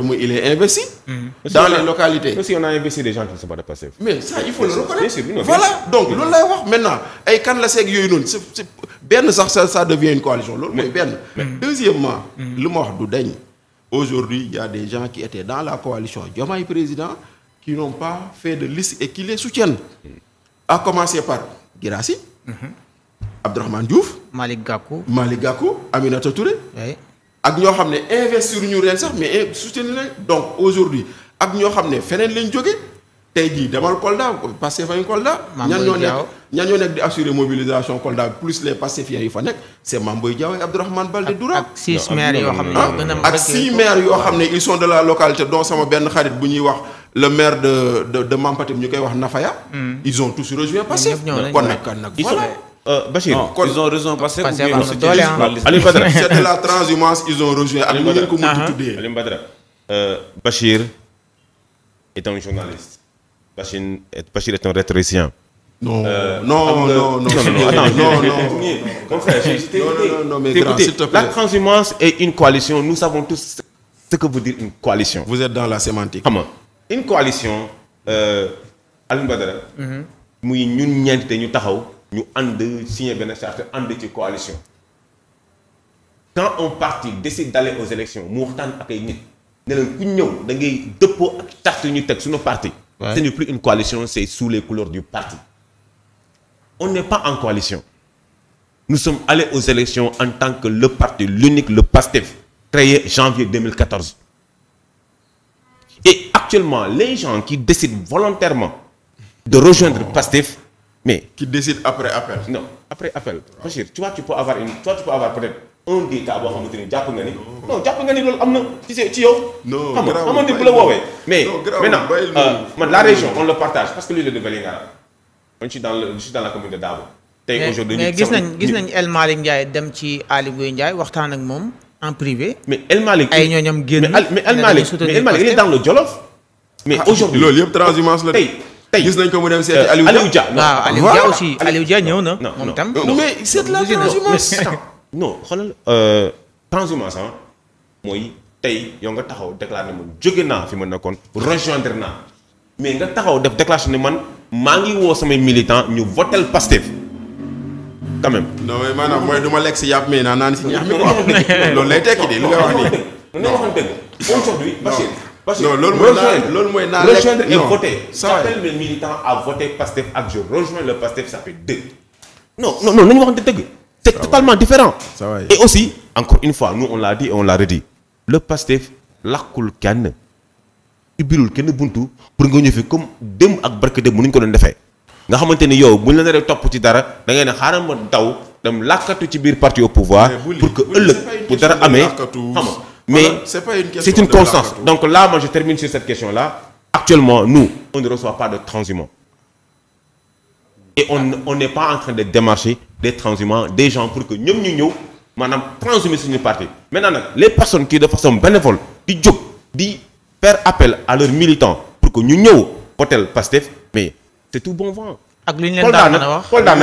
te mu il est investi. Mmh. dans les a, mais voilà donc loolu lay wax maintenant ay kan la seeg yooyu noonu c'est benn sax ça ça devient une coalition loolu mooy benn. Mm-hmm. deuxièmement mm-hmm. lu ma wax du dañ. aujourd'hui il y a des gens qui étaient dans la coalition Diomaye président qui n'ont pas fait de liste et qui les soutiennent. Mm-hmm. à commencer par Guirassy. Abdourahmane Diouf. Malick Gakou Malick Gakou Aminata Touré. Oui. ak ñoo xam ne investir ñu ren sax mais soutenir leen donc aujourd'hui ak ñoo xam ne feneen lañ jóge tey jii demal Kolda Pastef fañ Kolda. ñan ñoo nekk ñan ñoo nekk di assurer mobilisation Kolda plus les Pastefiens yu fa nekk c' est Mame Boye Diao et Abdourahmane ak six ah, maires yoo xam ne ak ils sont de la localité dont sama benn xarit bu ñuy wax le maire de de de Mampatim ñu koy wax Nafaya. Hmm. ils ont tous rejoint Pastef. kon nag kan nag voilà. Euh, Bachir ils ont raison parce que. parce que doole ah la transhumance ils ont rejoint ak nu ngeen ko mën a tuddee. Alioune Badara uh-huh. euh, Bachir est un journaliste. Bachir est un rétrécien. Euh, non non non non non non frère non non non la transhumance est une coalition nous savons tous ce que veut dire une coalition. vous êtes dans la sémantique. une coalition Alioune Badara. Mm-hmm. muy ñun ñeent te ñu taxaw. ñu ànd signé benn charte ànd ci coalition quand un parti décide d'aller aux élections mu waxtaan ak nit ne leen ku ñëw da ngay dëppoo ak charte ñu teg suñu parti ce n'est plus une coalition c'est sous les couleurs du parti on n'est pas en coalition nous sommes allés aux élections en tant que le parti l'unique le PASTEF créé janvier 2014 et actuellement les gens qui décident volontairement de rejoindre PASTEF mais qui décide après appel. non après appel. waaw Bachir tu vois tu peux avoir une toi tu peux avoir peut-être un des cas boo xamante ni nga ni. loolu am na ci sa ci yow. mais gis nañ gis nañ El Malick Ndiaye dem ci Aly Ngouille Ndiaye waxtaan ak moom en privé. mais El Malick ay ñooñam génn. mais El il est dans le Jolof. mais ah, aujourd'hui loolu yëpp transhumance la tey tey gis nañ ko mu dem seeti Aliou Aliou Dia waaw Aliou Dia aussi Aliou ñëw na. moom tam mais c'est la transhumance. non xoolal transhumance mooy tey yow nga taxaw déclaré ma jóge naa fi ma nekkoon rejoindre naa mais nga taxaw def déclaration ni man maa ngi woo samay militants ñu votel Pastef quand même. non mais maanaam mooy du ma lekk si yàpp mais naan naan si ñax mi quoi loolu lay tekki de li nga wax nii. non non non non non parce que loolu mooy mooy naa rejoindre et voter. j'appelle mes militants à voter Pastef ak je rejoins le nañu waxante dëgg. c'est totalement différent. et aussi encore une fois nous on l'a dit et on l'a redit. le Pastef kenn ubbilul kenn buntu pour nga ñëw fi comme dem ak barke dem mënuñ ko doon defee. nga xamante ni yow bu ñu la naree topp ci dara da ngay ne xaaral ma daw dem lakkatu ci biir parti au pouvoir. pour que ëllëg bu dara amee xam nga mais c'est pas une question c'est une constance donc là moi je termine sur cette question là actuellement nous on ne reçoit pas de transhumants et on on n'est pas en train de démarcher des transhumants des gens pour que ñoom ñu ñëw maanaam transhumer suñu parti maintenant nag les personnes qui de façon bénévole di jóg di faire appel à leurs militants pour que ñu ñëw votel Pastef mais c'est tout bon vent. ak li ñu leen daan mën a wax Kolda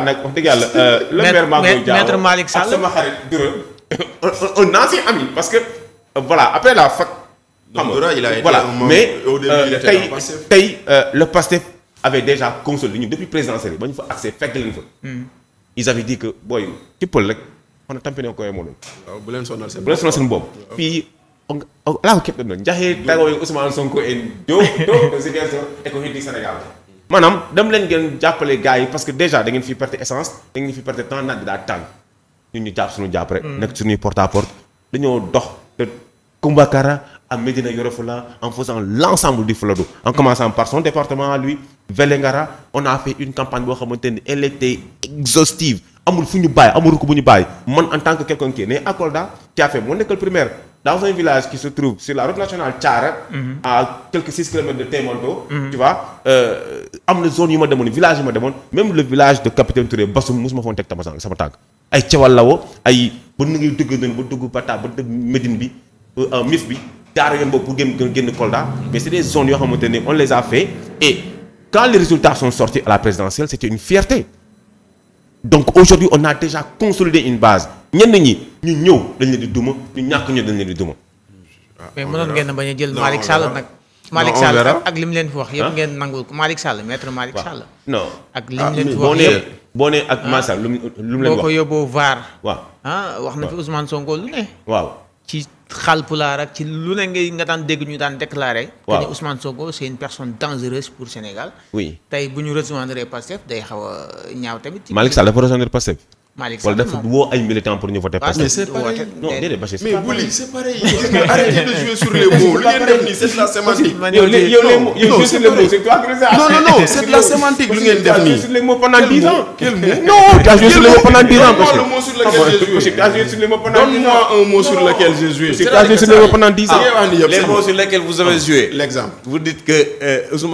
nag Kolda euh, le maire Maguette Diallo maître Malick Sall ak un, un ancien parce que euh, voilà après la fac. xam nga voilà mais euh, tey tey euh, le PASTEF avait déjà consolidé ñun depuis présidentielle ba ñu fa accès fekk leen fa. Hmm. ils avaient dit que booy ci pël rek on a tampiné ko moo bu leen sonal seen bopp bu leen sonal seen bopp. puis laa ko képp dem njaxee tagoo Ousmane Sonko ko di Sénégal. maanaam dem leen ngeen jàppale gars yi parce que déjà da fi perte essence da fi perte temps naaj bi daa tàng. ñun ñu jàpp suñu jàpp rek. Mm. nekk suñuy porte à porte dañoo dox te Kumbakara à Médina Yoro Foulah en faisant l' du Fuladu en commençant par son département lui Vélingara on a une campagne boo xamante ni elle était exhaustive amul fu ñu bàyyi amul ko bu ñu bàyyi man en tant que quelqu'un qui est né à Kolda ci affaire moo nekkal primaire. dans un village qui se trouve sur la route nationale Thiara. Mhm. à quelques six kilomètres de Témoldo. Mhm. tu euh, am na zone yu ma demoon village yu ma demoon même le village de Capitaine Touré Bassum mosuma foon teg sama tànk sama ay cawal lawo ay ba nu ngi dugg doon ba dugg Bata ba bi euh, Mif bi jaar yoon boobu pour génn génn Kolda mais c'est des zones yoo xamante ne on les a fait et quand les résultats sont sortis à la présidentielle c'était une fierté donc aujourd'hui on a déjà cons une base ñenn ñi ñu ñëw dañ leen di duma ñu ñàkk ñu dañ leen di duma. Ah, mais mënoon ngeen bañ a jël Malick Sall nag. Malick Sall ak lim leen fi wax yëpp ngeen nangul ko Malick Sall maître Malick Sall. non ak lim ah, leen fi wax yëpp boo nee ak ah. Massa lu mu lu mu leen wax boo ko yóbboo waaw ah wax na fi Ousmane waaw ci xalpulaar ak ci lu ngay nga daan dégg ñu daan déclaré. waaw que ne Ousmane Sonko personne dangereuse pour Sénégal. oui tey bu ñu rejoindre Pastef day xaw a ñaaw tamit. Malick Sall dafa rejoindre Pastef. Malick Sall de dafa woo ay militants pour ñu voter. parce que mais c'est pareil non déedéet Bachir mais de jouer sur les mots lu ngeen def nii c'est de la sémantique. yow les yow les mots yow sur les mots c'est toi non non non la sémantique lu ngeen def nii. sur les mots pendant dix ans. quel mot non tu as joué sur les mots pendant dix le mot sur lequel j'ai joué. tu as joué sur les mots pendant dix ans. Ah donne-moi un mot sur lequel j'ai joué. tu as joué sur les mots pendant dix ans. les mots sur lesquels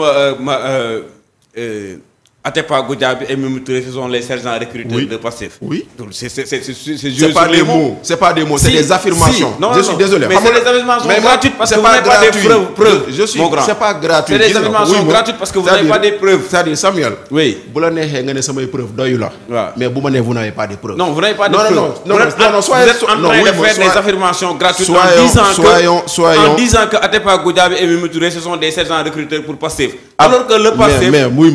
ah, euh, euh, ma. Euh, Atepa Goudiaby et Mimi Touré sont les sergents recruteurs de Pastef. Oui. c'est pas des mots, c'est des affirmations. désolé. Mais c'est des affirmations gratuit. parce que vous n'avez pas des preuves. C'est-à-dire Samuel. Oui. Bu ne samay preuves doyu Mais bu vous n'avez pas de preuves. Non, vous n'avez pas de preuves. Non non non non soyez non vous en disant que que Atepa Goudiaby et Mimi Touré sont des sergents recruteurs pour Pastef. Alors que le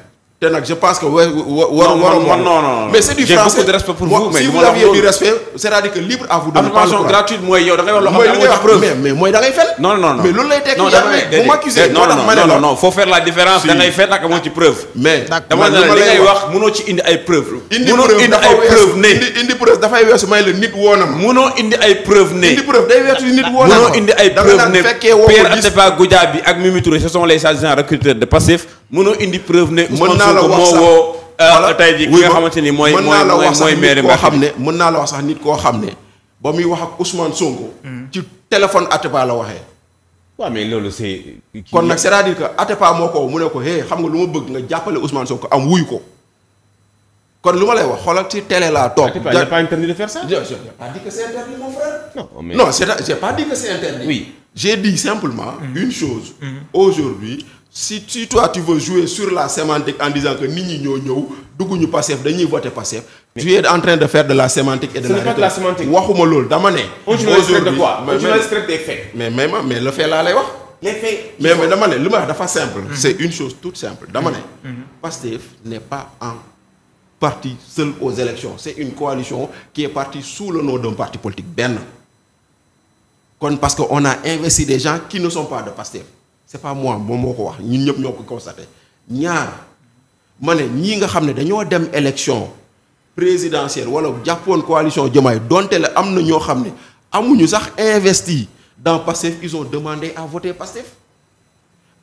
te nag je pense que war war war non non mais c'est du français j'ai beaucoup de respect pour vous mais si vous aviez du respect c'est-à-dire que libre à vous de information gratuite mooy yow da ngay wax loo xam ne amul preuve mais mais mooy da ngay fen non non non mais loolu lay tekk bu m'accuser moo tax ma ne non non faut faire la différence da ngay fen ak amoo ci preuve mais dama ne li ngay wax mënoo ci indi ay preuve mënoo indi ay preuve ne indi preuve dafay weesu may la nit woonam mënoo indi ay preuve ne indi preuve day weesu nit woonam mënoo indi ay preuve ne Pierre Atepa Goudiaby bi ak Mimi Touré ce sont les agents recruteurs de Pastef mënoo indi preuve ne. mën naa la wax sax moo woo euh, tey nga xamante ni mooy. mooy mooy maire Mbacke xam ne mën naa la wax sax nit koo xam ne. ba muy wax ak Ousmane Sonko. Mm. ci téléphone Atepa la waxee. waaw mais loolu c'est. kon nag c'est-à-dire que Atepa moo ko mu ne ko hey xam nga lu ma bëgg nga jàppale Ousmane Sonko am wuy ko. kon lu ma lay wax xoolal ci télé laa toog. Atepa n'est pas interdit de faire ça. je n'ai pas dit que c'est interdit mon frère. non mais non c'est j'ai pas dit que c'est interdit. oui j'ai dit simplement. Mm. une chose. Mm. aujourd'hui si si toi tu veux jouer sur la sémantique en disant que nit ñi ñoo ñëw dugguñu Pastef dañuy voter Pastef. tu es en train de faire de la sémantique et de la. sémantique waxuma loolu dama ne. aujourd'hui mais mais mais mais le fait laa lay wax. mais mais dama ne li ma wax dafa simple. Mhm. c'est une chose tout simple dama ne. Mhm. Mhm. Pastef n'est pas en parti seul aux élections c'est une coalition qui est partie sous le nom d'un parti politique benn kon parce que on a investi des gens qui ne sont pas de Pastef. c'est pas moi moom moo ko wax ñun ñëpp ñoo ko constaté ñaar ma ne ñii nga xam ne dañoo dem élection présidentielle wala jàppoon coalition Diomaye donte la am na ñoo xam ne amuñu sax investi dans Pastef ils ont demandé à voter Pastef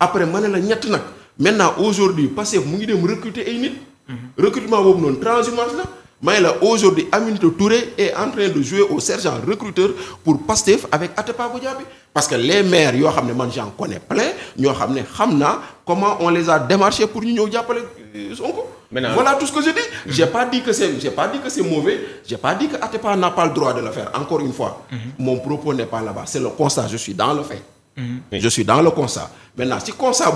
après ma ne la ñett nag maintenant aujourd'hui Pastef mu ngi dem recruter ay nit mm-hmm. recrutement boobu noonu transhumance la mais la aujourd'hui Aminata Touré est en train de jouer au sergent recruteur pour Pastef avec Atepa Goudiaby parce que les maires yoo xam ne man j'en connais plein ñoo xam ne xam naa comment on les a démarchés pour ñu ñëw jàppale euh, Sonko voilà tout ce que je dis j'ai pas dit que c'est mauvais j'ai pas dit que Atepa n'a le droit de le faire encore une fois mm -hmm. mon propos n'est pas là-bas c'est le constat je suis dans le fait mhm. je suis dans le constat maintenant si constat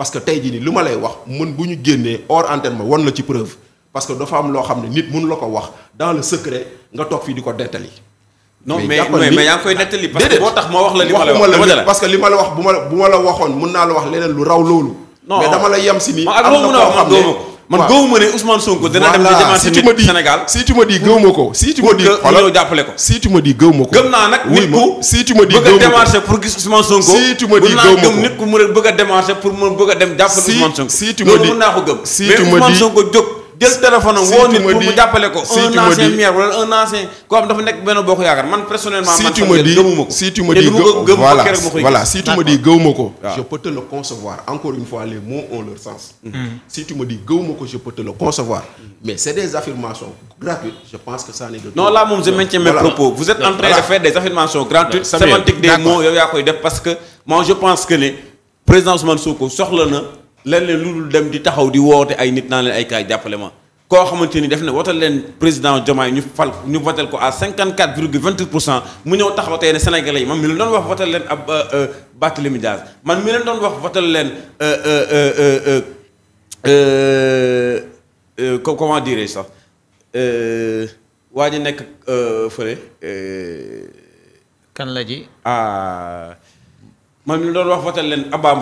parce que tey jii nii lu ma lay wax mën bu ñu génnee hors antenne ma wan la ci preuve parce que dafa am loo xam ne nit mënu la ko wax dans le secret nga toog fii di ko dettali. non mais mais mais yaa ngi wax la li ma la wax que li ma la wax bu ma la bu waxoon mën naa la wax leneen lu raw loolu. mais dama la yem si nii. am na xam ne man gëwuma ne Ousmane Sonko dina dem si tu ma di Sénégal si tu ma di gëwuma ko si tu ma di ñëw jàppale ko si ma di gëwuma ko gëm naa nag nit ku si tu ma di bëgg a démarché pour gis Ousmane Sonko si di gëwuma ko nit ku mu bëgg a démarché pour mu bëgg a dem jàppale Ousmane Sonko si di loolu naa ko gëm si di Ousmane Sonko jóg jël téléphone am woo nit pour mu jàppale ko un ancien maire wala un ancien koo xam dafa nekk benn bokk yaakaar man personnellement man gëmuma ko si tu me dis voilà voilà mm-hmm. Mm-hmm. gëwuma ko je peux te le mm-hmm. mais c'est des affirmations gratuites je pense que ça n'est de non là moom je maintiens mes propos vous êtes en train de faire des affirmations gratuites sémantique des mots yow yaa koy def parce que moi je pense que ne président Ousmane Sonko soxla na lenn lu dul dem di taxaw di woote ay nit naa leen ay kaay jàppale ma koo xamante ni def na watal leen président Diomaye ñu fal ñu votel ko à 54 virgule 28 pour cent mu ñëw taxaw tey ne sénégalais yi man mi leen doon wax votel leen ab euh, euh, Barthélémy Dias man mi leen doon wax votel leen euh, comment dirais je waa ji nekk fële. ji. Ah, man mi leen doon wax leen Abba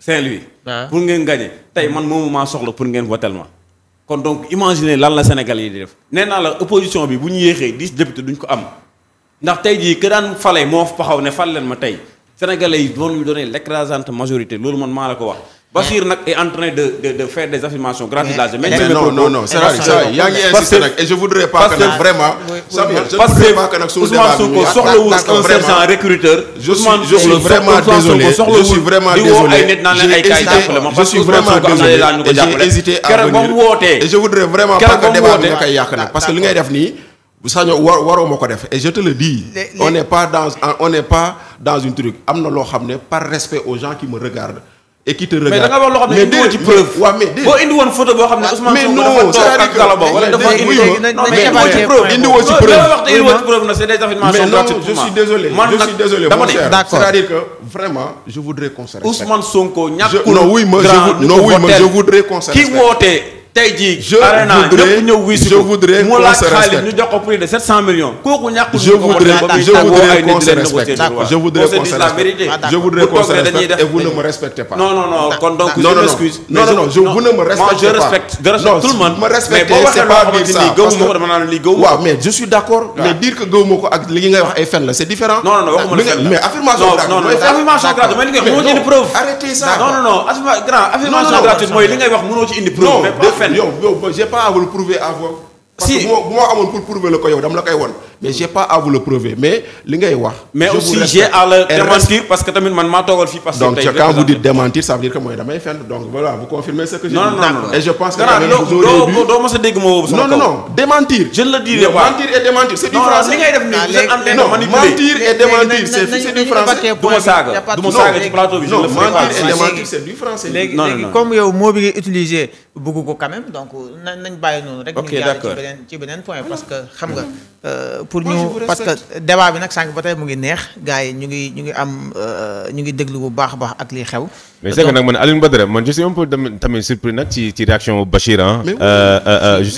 Saint-Louis. Ah. pour ngeen gagné tey man moomu maa soxla pour ngeen votel ma kon donc imaginez lan la Sénégal yi di def nee naa la opposition bi bu ñu yéexee dix député duñ ko am ndax tey jii ka daan fale moo paxaw ne fal leen ma tey sénégalais yi doon ñu donné l' écrasante majorité loolu man maa la ko wax. Bassir nag est en train de de de faire des affirmations grandiloquentes. mais mais non non non Sadio yaa ngi insister nag et je voudrais pas vraiment. Samuel nag suñu débat bi un sergent recruteur. je suis vraiment désolé je suis vraiment désolé je suis je voudrais vraiment pas que débat bi nga def nii. war waroo ma ko def et je te le dis. on n'est pas dans on n'est pas dans une truc am na loo xam ne par respect aux gens qui me regardent. et qui te mais da wax loo xam ne indiwoon ci preuve. waaw mais déedéet boo boo xam ne ah, Ousmane ci preuve. wax ci preuve nag c'est des affirmations gratuites. je je suis désolé dama ne d'accord cest à que vraiment je voudrais qu'on se respecte. Ousmane Sonko ñàkkul. grand non wuy ma je voudrais qu'on se respecte. tey jii. je voudrais ñëw wii ko mu laaj xaalis ñu jox ko prix de 700 millions. kooku ñàkk ñu ko ko def ba muy tàggatoo je voudrais qu'on se respecte je mais je suis d'accord. mais dire que gëwuma ko ak li ngay wax ay fen la c'est différent. non non affirmation gratuite. mooy li ngay wax mënoo ci indi preuve. arrêtez ça non non affirmation gratuite mooy li ngay wax mënoo ci indi preuve. fen yow yow j'ai pas à vous le prouver parce que bu ma amoon pour prouver la ko yow dama la koy won mais j'ai pas à vous le mais li ngay wax. mais aussi j'ai à le que tamit man maa toogal fii. parce que tey donc quand vous dites démentir ça veut dire que mooy damay fenn donc je pense que. tamit vous doo doo mës a dégg ma woo. non non non démentir. je ne le dirai pas mentir et démentir c'est du français. non non li ngay def nii vous êtes en train de manipuler. mentir et démentir c'est du français. du ma saaga du ma saaga ci plateau bi. non mentir et démentir c'est du français. léegi léegi comme yow moo bi utiliser bëgg ko quand euh, nañ bàyyi noonu rek. ok d'accord parce que xam nga Euh, pour ñu parce que débat bi nag sànq ba tey mu ngi neex gars yi ñu ngi ñu ngi am euh, ñu ngi déglu bu baax a baax ak li xew. mais c'est nag man Alioune Badara man je suis un peu tamit surpris nag ci ci réaction Bachir ah. je